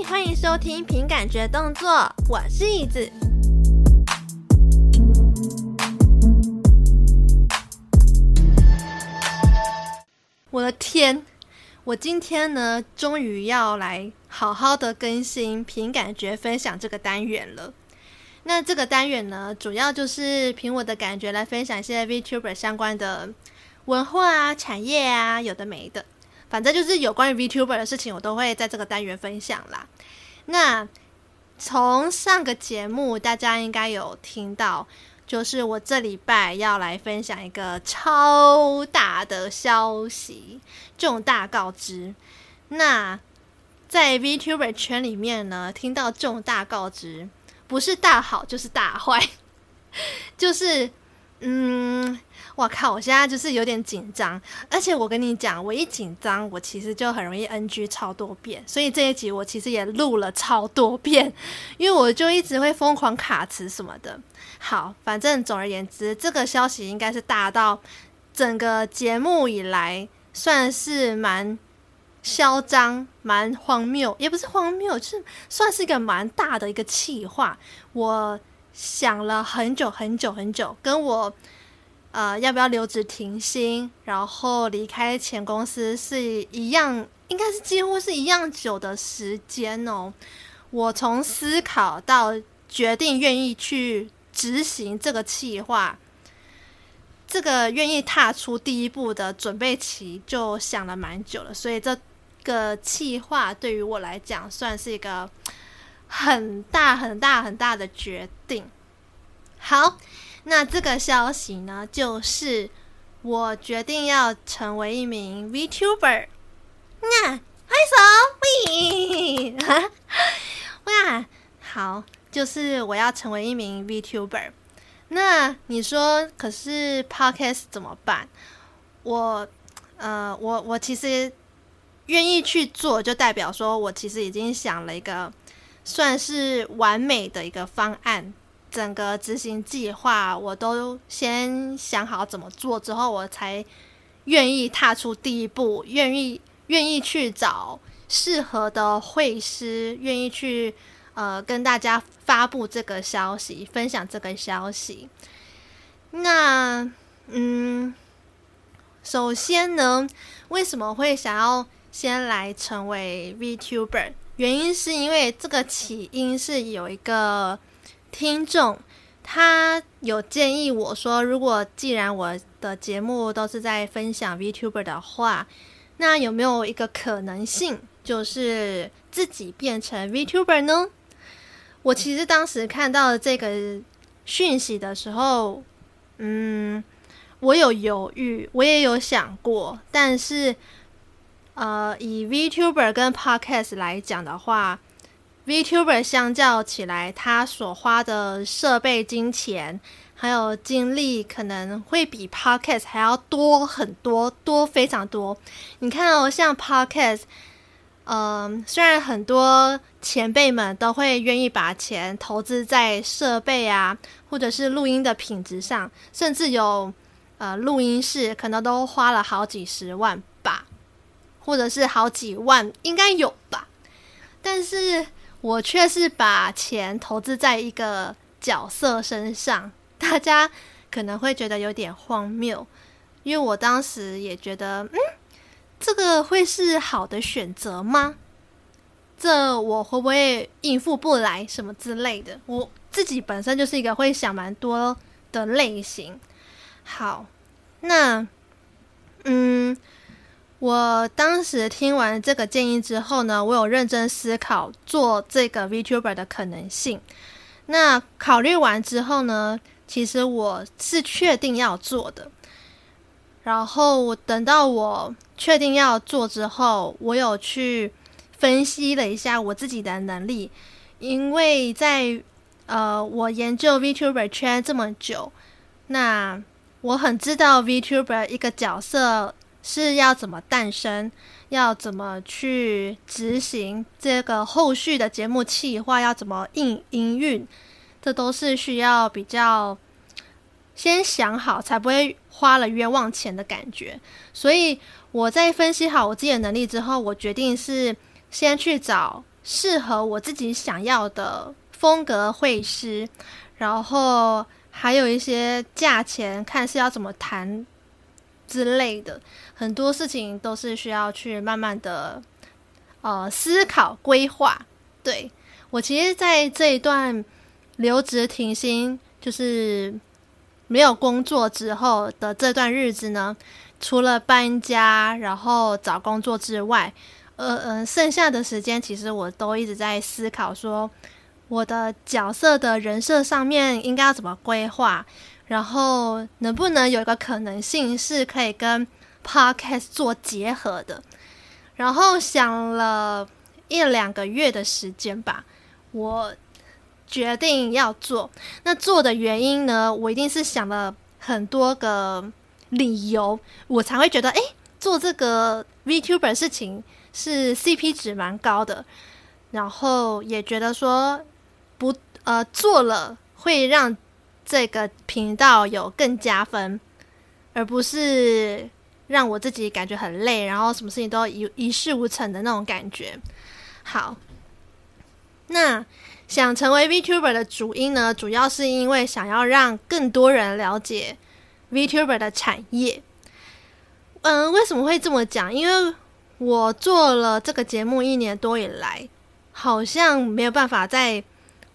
歡迎收聽《憑感覺動作》，我是怡子。我的天，我今天呢，終於要來好好的更新《憑感覺分享》這個單元了。那這個單元呢，主要就是憑我的感覺來分享一些 VTuber 相關的文化啊、產業啊，有的沒的。反正就是有關於 VTuber 的事情，我都會在這個單元分享啦。那從上個節目，大家應該有聽到，就是我這禮拜要來分享一個超大的消息，重大告知。那在 VTuber 圈裡面呢，聽到重大告知，不是大好就是大壞，就是嗯。我靠！我現在就是有點緊張，而且我跟你講，我一緊張，我其實就很容易 NG 超多遍，所以這一集我其實也錄了超多遍，因為我就一直會瘋狂卡詞什麼的。好，反正總而言之，這個消息應該是大到整個節目以來算是蠻囂張、蠻荒謬，也不是荒謬，就是算是一個蠻大的一個企劃。我想了很久很久很久，跟我。呃，要不要留職停薪？然後離開前公司是一樣，應該是幾乎是一樣久的時間哦。我從思考到決定願意去執行這個計劃，這個願意踏出第一步的準備期就想了蠻久了，所以這個計劃對於我來講算是一個很大很大很大的決定。好。那這個消息呢，就是我決定要成為一名 VTuber。那拍手，喂 哇，好，就是我要成為一名 VTuber。那你說，可是 Podcast 怎麼辦？我，呃，我我其實願意去做，就代表說我其實已經想了一個算是完美的一個方案。整個執行計劃，我都先想好怎麼做之後，我才願意踏出第一步，願意願意去找適合的繪師，願意去呃跟大家發佈這個消息，分享這個消息。那嗯，首先呢，為什麼會想要先來成為 VTuber？原因是因為這個起因是有一個。聽眾，他有建議我說，如果既然我的節目都是在分享 VTuber 的話，那有沒有一個可能性，就是自己變成 VTuber 呢？我其實當時看到這個訊息的時候，嗯，我有猶豫，我也有想過，但是，呃，以 VTuber 跟 Podcast 來講的話。VTuber 相較起來，他所花的設備、金錢，還有精力，可能會比 Podcast 還要多很多，多非常多。你看哦，像 Podcast，嗯、呃，雖然很多前輩們都會願意把錢投資在設備啊，或者是錄音的品質上，甚至有呃錄音室，可能都花了好幾十萬吧，或者是好幾萬，應該有吧。但是我卻是把錢投資在一個角色身上，大家可能會覺得有點荒謬，因為我當時也覺得，嗯，這個會是好的選擇嗎？這我會不會應付不來什麼之類的？我自己本身就是一個會想蠻多的類型。好，那嗯。我當時聽完這個建議之後呢，我有認真思考做這個 VTuber 的可能性。那考慮完之後呢，其實我是確定要做的。然後等到我確定要做之後，我有去分析了一下我自己的能力，因為在呃我研究 VTuber 圈這麼久，那我很知道 VTuber 一個角色，是要怎麼誕生，要怎麼去執行這個後續的節目企劃，要怎麼應營運，這都是需要比較先想好，才不會花了冤枉錢的感覺。所以我在分析好我自己的能力之後，我決定是先去找適合我自己想要的風格繪師，然後還有一些價錢，看是要怎麼談。之類的，很多事情都是需要去慢慢的呃思考規劃。對我，其實，在這一段留職停薪，就是沒有工作之後的這段日子呢，除了搬家，然後找工作之外，呃嗯、呃，剩下的時間，其實我都一直在思考說，說我的角色的人設上面應該要怎麼規劃。然後能不能有一個可能性是可以跟 podcast 做結合的？然後想了一兩個月的時間吧，我決定要做。那做的原因呢？我一定是想了很多個理由，我才會覺得，哎，做這個 VTuber 事情是 CP 值蠻高的。然後也覺得說不，呃，做了會讓。這個頻道有更加分，而不是讓我自己感覺很累，然後什麼事情都一一事無成的那種感覺。好，那想成為 VTuber 的主因呢，主要是因為想要讓更多人了解 VTuber 的產業。嗯，為什麼會這麼講？因為我做了這個節目一年多以來，好像沒有辦法再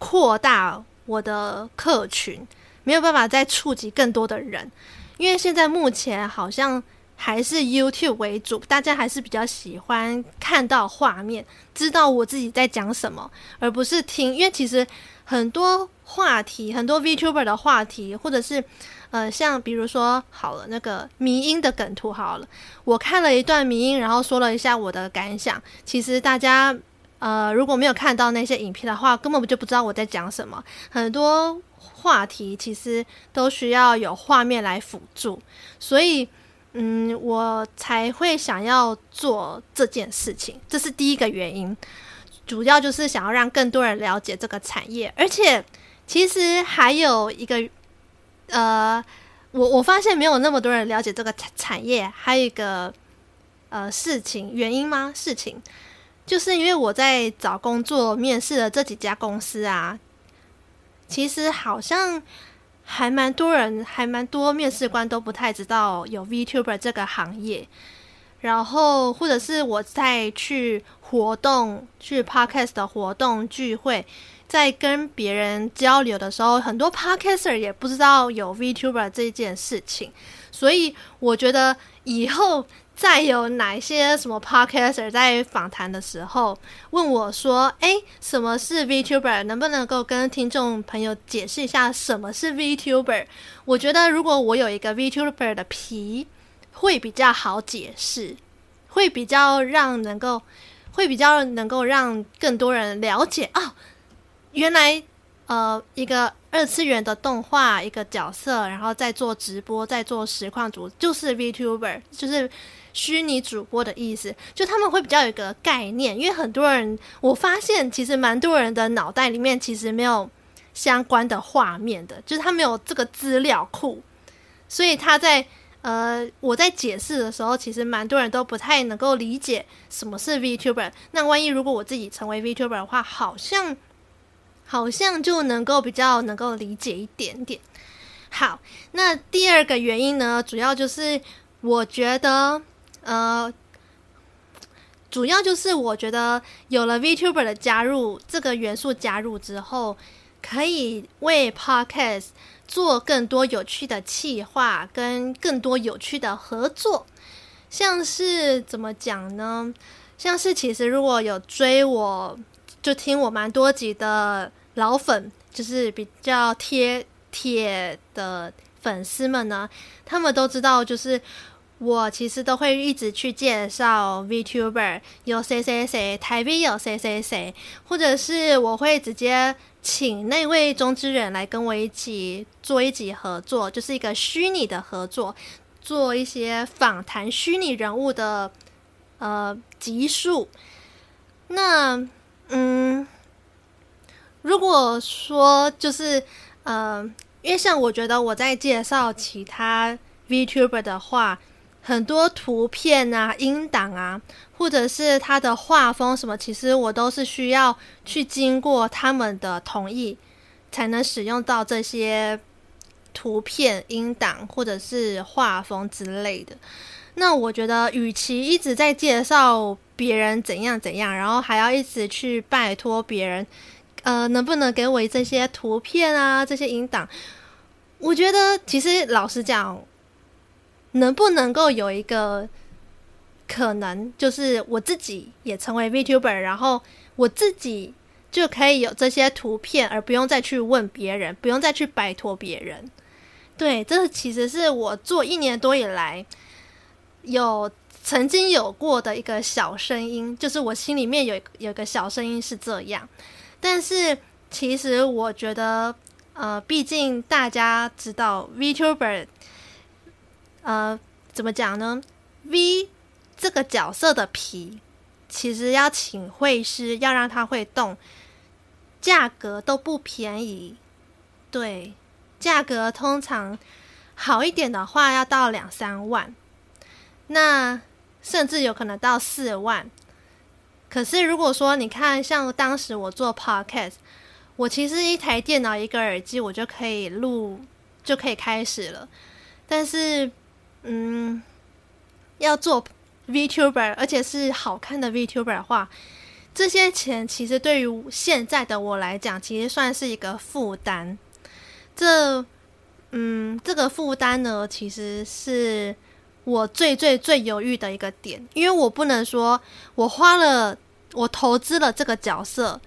擴大。我的客群沒有辦法再觸及更多的人，因為現在目前好像還是 YouTube 為主，大家還是比較喜歡看到畫面，知道我自己在講什麼，而不是聽。因為其實很多話題，很多 VTuber 的話題，或者是呃，像比如說好了，那個迷因的梗圖好了，我看了一段迷因，然後說了一下我的感想，其實大家。呃，如果沒有看到那些影片的話，根本就不知道我在講什麼。很多話題其實都需要有畫面來輔助，所以，嗯，我才會想要做這件事情。這是第一個原因，主要就是想要讓更多人了解這個產業。而且，其實還有一個，呃，我我發現沒有那麼多人了解這個產業，還有一個，呃，事情，原因嗎？事情。就是因為我在找工作、面試的這幾家公司啊，其實好像還蠻多人、還蠻多面試官都不太知道有 VTuber 這個行業。然後，或者是我在去活動、去 Podcast 的活動聚會，在跟別人交流的時候，很多 Podcaster 也不知道有 VTuber 這件事情。所以，我覺得以後。再有哪一些什麼 podcaster 在訪談的時候問我說：“哎、欸，什麼是 VTuber？能不能夠跟聽眾朋友解釋一下什麼是 VTuber？” 我覺得如果我有一個 VTuber 的皮，會比較好解釋，會比較讓能夠，會比較能夠讓更多人了解哦，原來呃一個。二次元的動畫一個角色，然後再做直播，再做實況主，就是 VTuber，就是虛擬主播的意思。就他們會比較有一個概念，因為很多人我發現，其實蠻多人的腦袋裡面其實沒有相關的畫面的，就是他沒有這個資料庫，所以他在呃我在解釋的時候，其實蠻多人都不太能夠理解什麼是 VTuber。那萬一如果我自己成為 VTuber 的話，好像。好像就能夠比較能夠理解一點點。好，那第二個原因呢，主要就是我覺得，呃，主要就是我覺得有了 VTuber 的加入這個元素加入之後，可以為 Podcast 做更多有趣的企劃，跟更多有趣的合作。像是怎麼講呢？像是其實如果有追我就聽我蠻多集的。老粉就是比較貼貼的粉絲們呢，他們都知道，就是我其實都會一直去介紹 VTuber，有誰誰誰台 v 有誰誰誰，或者是我會直接請那位中之人來跟我一起做一起合作，就是一個虛擬的合作，做一些訪談虛擬人物的呃集數。那嗯。如果說就是，呃，因為像我覺得我在介紹其他 VTuber 的話，很多圖片啊、音檔啊，或者是他的畫風什麼，其實我都是需要去經過他們的同意，才能使用到這些圖片、音檔或者是畫風之類的。那我覺得，與其一直在介紹別人怎樣怎樣，然後還要一直去拜托別人。呃，能不能給我這些圖片啊？這些音檔？我覺得其實老實講，能不能夠有一個可能，就是我自己也成為 Vtuber，然後我自己就可以有這些圖片，而不用再去問別人，不用再去拜托別人。對，這其實是我做一年多以來有曾經有過的一個小聲音，就是我心裡面有有個小聲音是這樣。但是，其實我覺得，呃，畢竟大家知道，VTuber，呃，怎麼講呢？V 這個角色的皮，其實要請繪師，要讓它會動，價格都不便宜。對，價格通常好一點的話，要到兩三萬，那甚至有可能到四萬。可是，如果說你看，像當時我做 Podcast，我其實一台電腦、一個耳機，我就可以錄，就可以開始了。但是，嗯，要做 VTuber，而且是好看的 VTuber 的話，這些錢其實對於現在的我來講，其實算是一個負擔。這，嗯，這個負擔呢，其實是我最最最猶豫的一個點，因為我不能說，我花了。我投資了這個角色，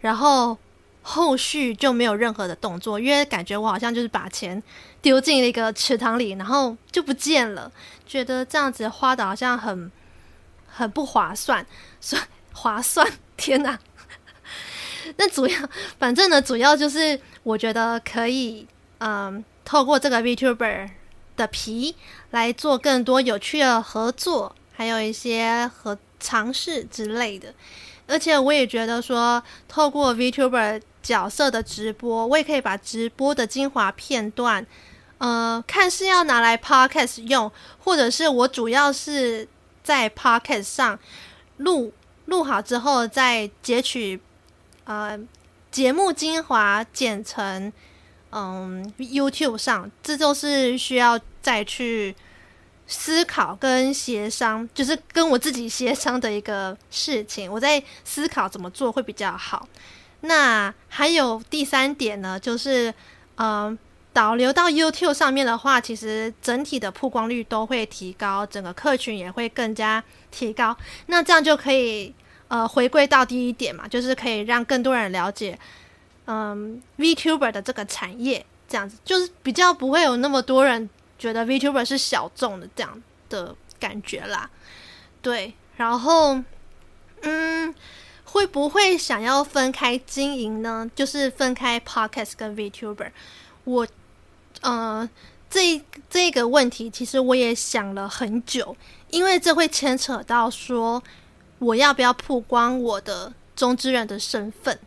然後後續就沒有任何的動作，因為感覺我好像就是把錢丟進了一個池塘裡，然後就不見了。覺得這樣子花的好像很很不划算，算划算？天哪！那 主要，反正呢，主要就是我覺得可以，嗯、呃，透過這個 VTuber 的皮來做更多有趣的合作，還有一些合。嘗試之類的，而且我也覺得說，透過 VTuber 角色的直播，我也可以把直播的精華片段，呃，看是要拿來 Podcast 用，或者是我主要是在 Podcast 上錄錄好之後再，再截取呃節目精華剪成嗯 YouTube 上，這就是需要再去。思考跟協商，就是跟我自己協商的一個事情。我在思考怎麼做會比較好。那還有第三點呢，就是嗯、呃，導流到 YouTube 上面的話，其實整體的曝光率都會提高，整個客群也會更加提高。那這樣就可以呃，回歸到第一點嘛，就是可以讓更多人了解嗯、呃，VTuber 的這個產業。這樣子就是比較不會有那麼多人。覺得 VTuber 是小眾的這樣的感覺啦，對，然後嗯，會不會想要分開經營呢？就是分開 Podcast 跟 VTuber，我呃，這這個問題其實我也想了很久，因為這會牽扯到說我要不要曝光我的「中之人」的身份。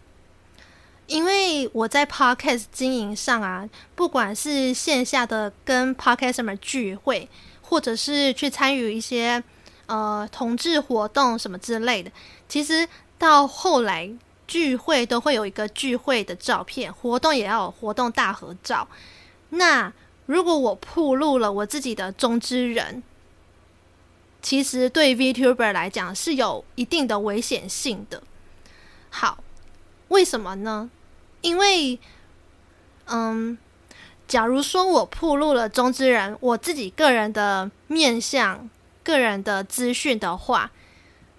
因為我在 podcast 經營上啊，不管是線下的跟 podcasters 聚會，或者是去參與一些呃同志活動什麼之類的，其實到後來聚會都會有一個聚會的照片，活動也要有活動大合照。那如果我暴露了我自己的中之人，其實對 VTuber 來講是有一定的危險性的。好，為什麼呢？因為，嗯，假如說我暴露了中之人我自己個人的面相、個人的資訊的話，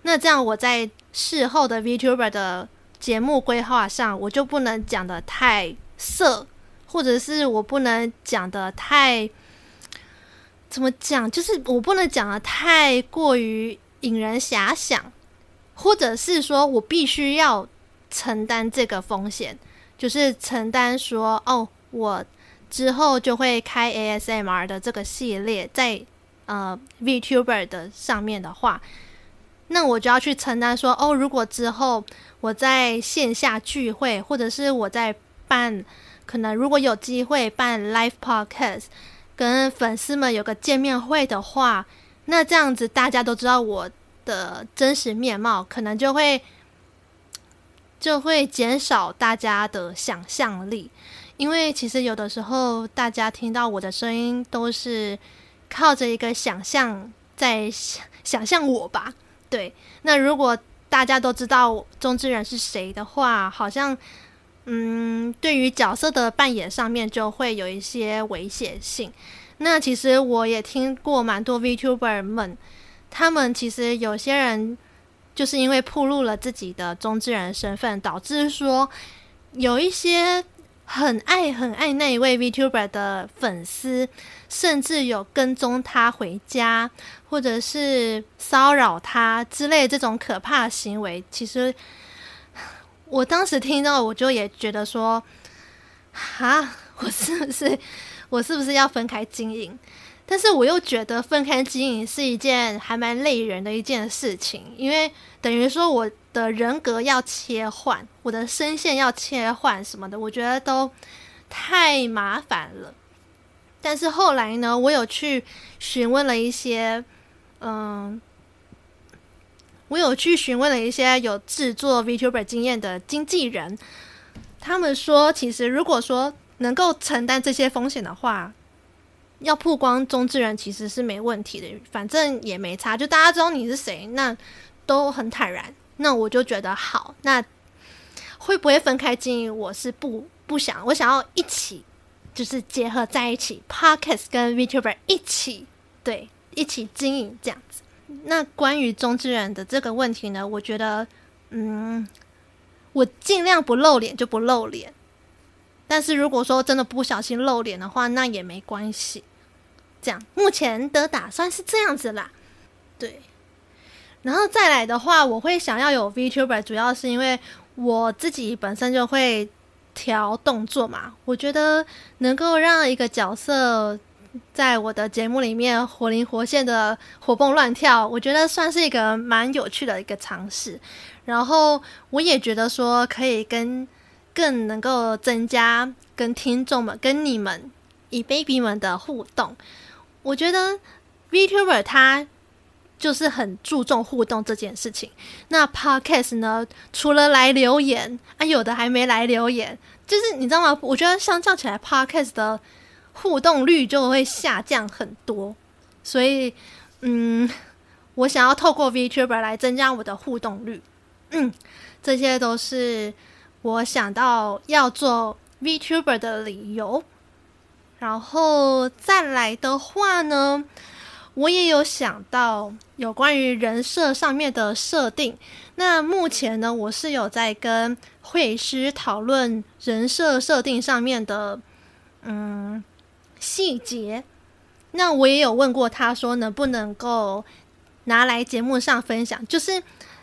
那這樣我在事後的 VTuber 的節目規劃上，我就不能講的太色，或者是我不能講的太，怎麼講？就是我不能講的太過於引人遐想，或者是說我必須要承擔這個風險。就是承擔說，哦，我之後就會開 ASMR 的這個系列，在呃 VTuber 的上面的話，那我就要去承擔說，哦，如果之後我在線下聚會，或者是我在辦，可能如果有機會辦 Live Podcast，跟粉絲們有個見面會的話，那這樣子大家都知道我的真實面貌，可能就會。就會減少大家的想象力，因為其實有的時候大家聽到我的聲音都是靠着一個想象在想象我吧。對，那如果大家都知道中之人是誰的話，好像嗯，對於角色的扮演上面就會有一些危險性。那其實我也聽過蠻多 VTuber 們，他們其實有些人。就是因為暴露了自己的中之人身份，導致說有一些很愛很愛那一位 VTuber 的粉絲，甚至有跟蹤他回家，或者是騷擾他之類的這種可怕行為。其實我當時聽到，我就也覺得說，哈，我是不是我是不是要分開經營？但是我又覺得分開經營是一件還蠻累人的一件事情，因為等於說我的人格要切換，我的聲線要切換什麼的，我覺得都太麻煩了。但是後來呢，我有去詢問了一些，嗯，我有去詢問了一些有制作 VTuber 經驗的經紀人，他們說，其實如果說能夠承擔這些風險的話。要曝光中之人其實是沒問題的，反正也沒差。就大家知道你是誰，那都很坦然。那我就覺得好。那會不會分開經營？我是不不想，我想要一起，就是結合在一起，Podcast 跟 VTuber 一起，對，一起經營這樣子。那關於中之人的這個問題呢？我覺得，嗯，我盡量不露臉就不露臉。但是如果說真的不小心露臉的話，那也沒關係。這樣，目前的打算是這樣子啦，對。然後再來的話，我會想要有 VTuber，主要是因為我自己本身就會調動作嘛。我覺得能夠讓一個角色在我的節目裡面活靈活現的、活蹦亂跳，我覺得算是一個蠻有趣的一個嘗試。然後我也覺得說，可以跟更能夠增加跟聽眾們、跟你們以 Baby 們的互動。我覺得 VTuber 他就是很注重互動這件事情。那 Podcast 呢，除了來留言啊，有的還沒來留言，就是你知道嗎？我覺得相較起來，Podcast 的互動率就會下降很多。所以，嗯，我想要透過 VTuber 來增加我的互動率。嗯，這些都是我想到要做 VTuber 的理由。然後再來的話呢，我也有想到有關於人設上面的設定。那目前呢，我是有在跟繪師討論人設設定上面的嗯細節。那我也有問過他，說能不能夠拿來節目上分享？就是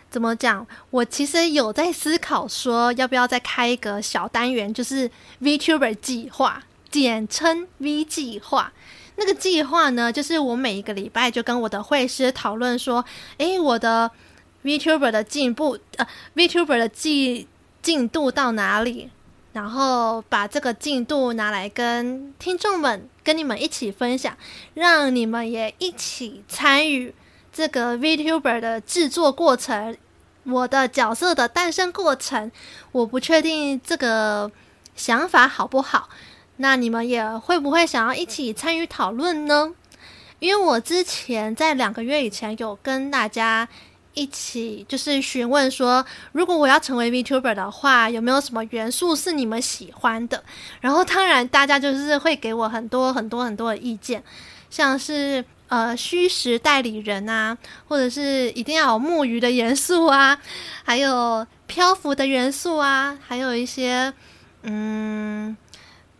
怎麼講，我其實有在思考說，要不要再開一個小單元，就是 VTuber 計劃。簡稱 V 計劃，那個計劃呢，就是我每一個禮拜就跟我的繪師討論說：“哎，我的 Vtuber 的進步，呃，Vtuber 的進進度到哪裡？然後把這個進度拿來跟聽眾們跟你們一起分享，讓你們也一起參與這個 Vtuber 的製作過程，我的角色的誕生過程。我不確定這個想法好不好。”那你們也會不會想要一起參與討論呢？因為我之前在兩個月以前有跟大家一起，就是詢問說，如果我要成為 Vtuber 的話，有沒有什麼元素是你們喜歡的？然後當然大家就是會給我很多很多很多的意見，像是，呃，虛實代理人啊，或者是一定要有木魚的元素啊，還有漂浮的元素啊，還有一些，嗯。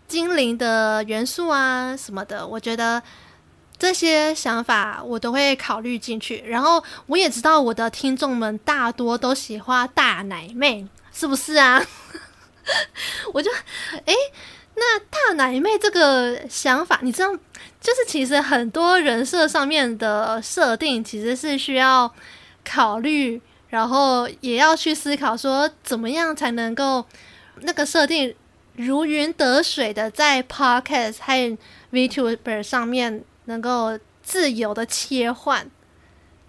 精靈的元素啊什麼的，我覺得這些想法我都會考慮進去。然後我也知道我的聽眾們大多都喜歡大奶妹，是不是啊？ 我就誒、欸，那大奶妹這個想法，你知道，就是其實很多人設上面的設定其實是需要考慮，然後也要去思考說怎麼樣才能夠那個設定。如魚得水的在 Podcast 和 VTuber 上面能夠自由的切換，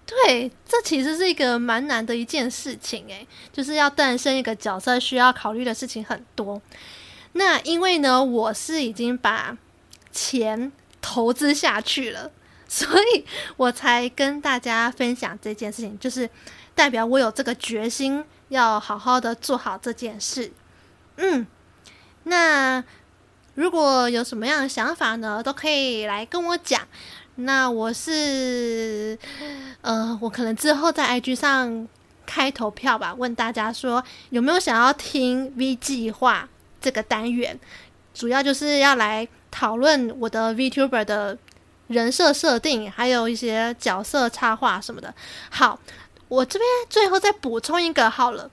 對，這其實是一個蠻難的一件事情誒、欸，就是要誕生一個角色，需要考慮的事情很多。那因為呢，我是已經把錢投資下去了，所以我才跟大家分享這件事情，就是代表我有這個決心，要好好的做好這件事。嗯。那如果有什麼樣的想法呢，都可以來跟我講。那我是呃，我可能之後在 IG 上開投票吧，問大家說有沒有想要聽 V 計劃這個單元。主要就是要來討論我的 VTuber 的人設設定，還有一些角色插畫什麼的。好，我這邊最後再補充一個好了，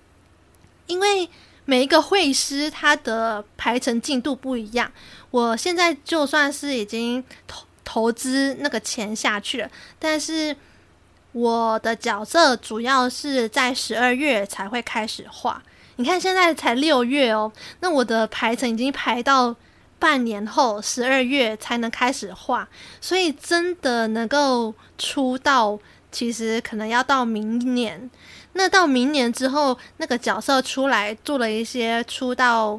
因為。每一個繪師他的排程進度不一樣，我現在就算是已經投投資那個錢下去了，但是我的角色主要是在十二月才會開始畫。你看現在才六月哦，那我的排程已經排到半年後十二月才能開始畫，所以真的能夠出道，其實可能要到明年。那到明年之後，那個角色出來，做了一些出道，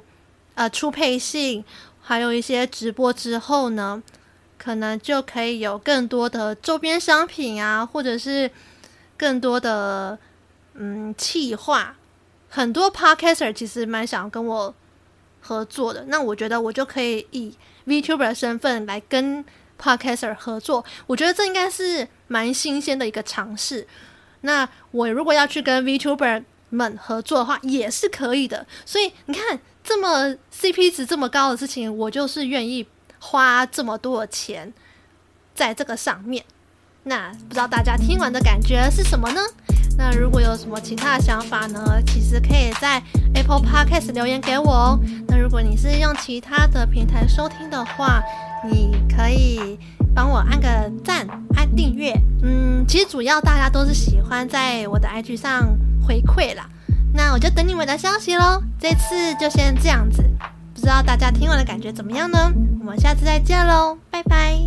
呃，出配信，還有一些直播之後呢，可能就可以有更多的周邊商品啊，或者是更多的嗯，企劃。很多 podcaster 其實蠻想跟我合作的，那我覺得我就可以以 VTuber 身份來跟 podcaster 合作。我覺得這應該是蠻新鮮的一個嘗試。那我如果要去跟 VTuber 們合作的話，也是可以的。所以你看，這麼 CP 值這麼高的事情，我就是願意花這麼多的錢在這個上面。那不知道大家聽完的感覺是什麼呢？那如果有什麼其他的想法呢？其實可以在 Apple Podcast 留言給我哦。那如果你是用其他的平台收聽的話，你可以。幫我按個讚，按訂閱，嗯，其實主要大家都是喜歡在我的 IG 上回饋啦，那我就等你們的消息嘍。這次就先這樣子，不知道大家聽完的感覺怎麼樣呢？我們下次再見嘍，拜拜。